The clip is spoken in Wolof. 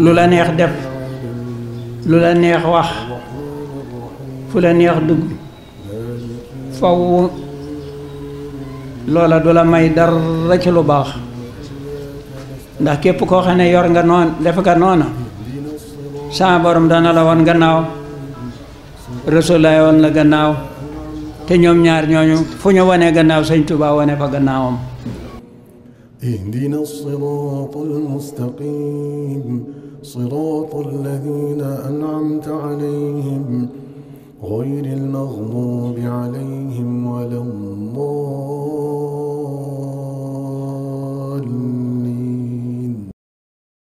lu la neex def lu la neex wax fu la neex dugg faw loola du la may dara ci lu baax ndax képp koo xam ne yor nga noon def nga noona saa borom dana la woon gannaaw Rasulullah woon la gannaaw te ñoom ñaar ñooñu fu ñu wonee gannaaw Sëñ Tuubaa wone fa gannaawam اهدنا الصراط المستقيم صراط الذين أنعمت عليهم غير المغضوب عليهم